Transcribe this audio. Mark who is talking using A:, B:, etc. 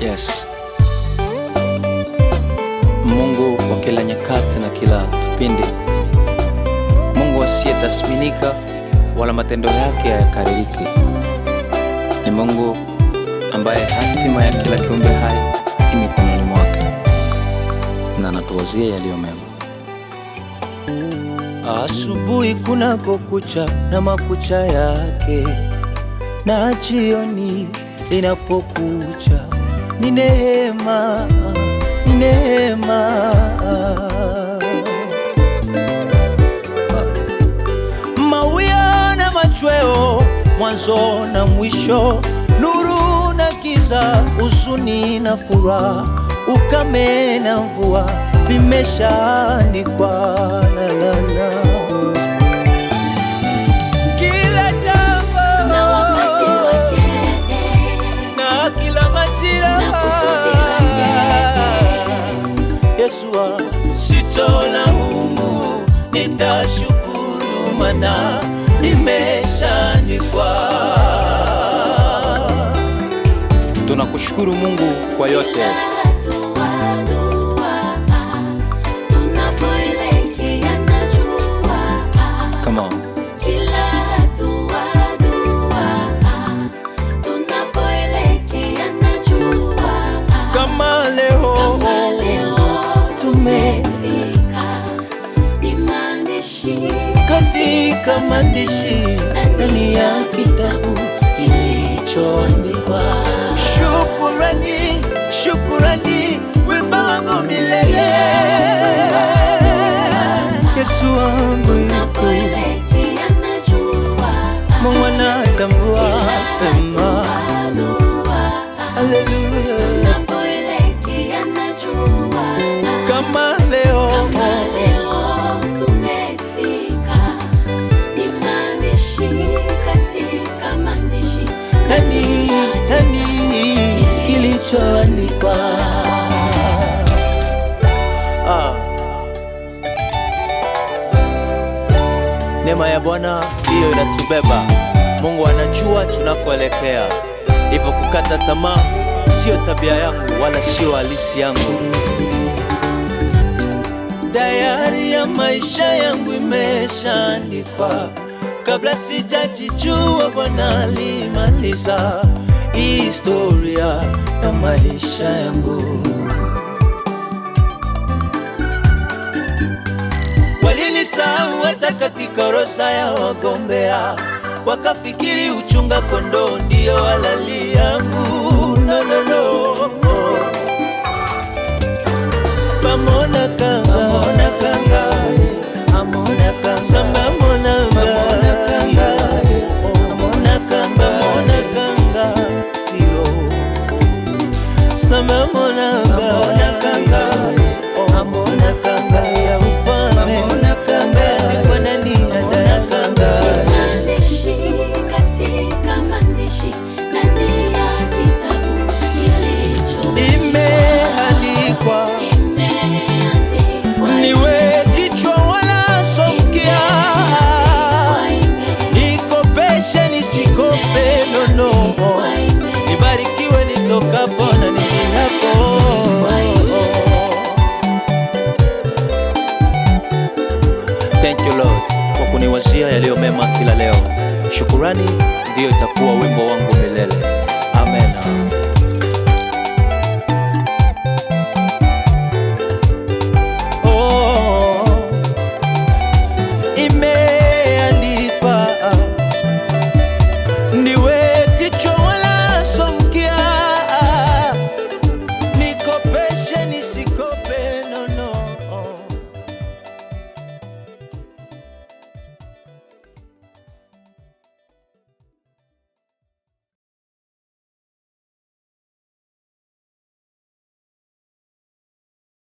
A: Yes. Mungu wa kila nyakati na kila kipindi, Mungu asiyetathminika wala matendo yake hayakaririki, ni Mungu ambaye hatima ya kila kiumbe hai i mikononi mwake na anatuwazia yaliyo mema.
B: Asubuhi kunako kucha na makucha yake na jioni inapokucha, ni neema, ni neema. Mawia na machweo, mwanzo na mwisho, nuru na giza, huzuni na furaha, ukame na mvua, na Wito la Mungu nitashukuru, maana nimeshaandikwa.
A: Tunakushukuru Mungu kwa yote Come on. katika maandishi
C: ndani ya kitabu kilichoandikwa.
B: Shukurani, shukurani, wimbo wangu milele, Yesu wangu
C: yuko
A: kilichoandikwa. Ah. Neema ya Bwana hiyo inatubeba. Mungu anajua tunakoelekea, hivyo kukata tamaa siyo tabia yangu wala sio halisi yangu.
B: Dayari ya maisha yangu imeshaandikwa kabla sijajijua, Bwana alimaliza historia ya maisha yangu. Walinisahau hata katika rosa ya wagombea, wakafikiri uchunga kondoo ndio walali sama
D: amonanga amonakanga
B: ya ufame
A: Thank you Lord kwa kuniwazia yaliyo mema kila leo. Shukurani ndiyo itakuwa wimbo wangu milele.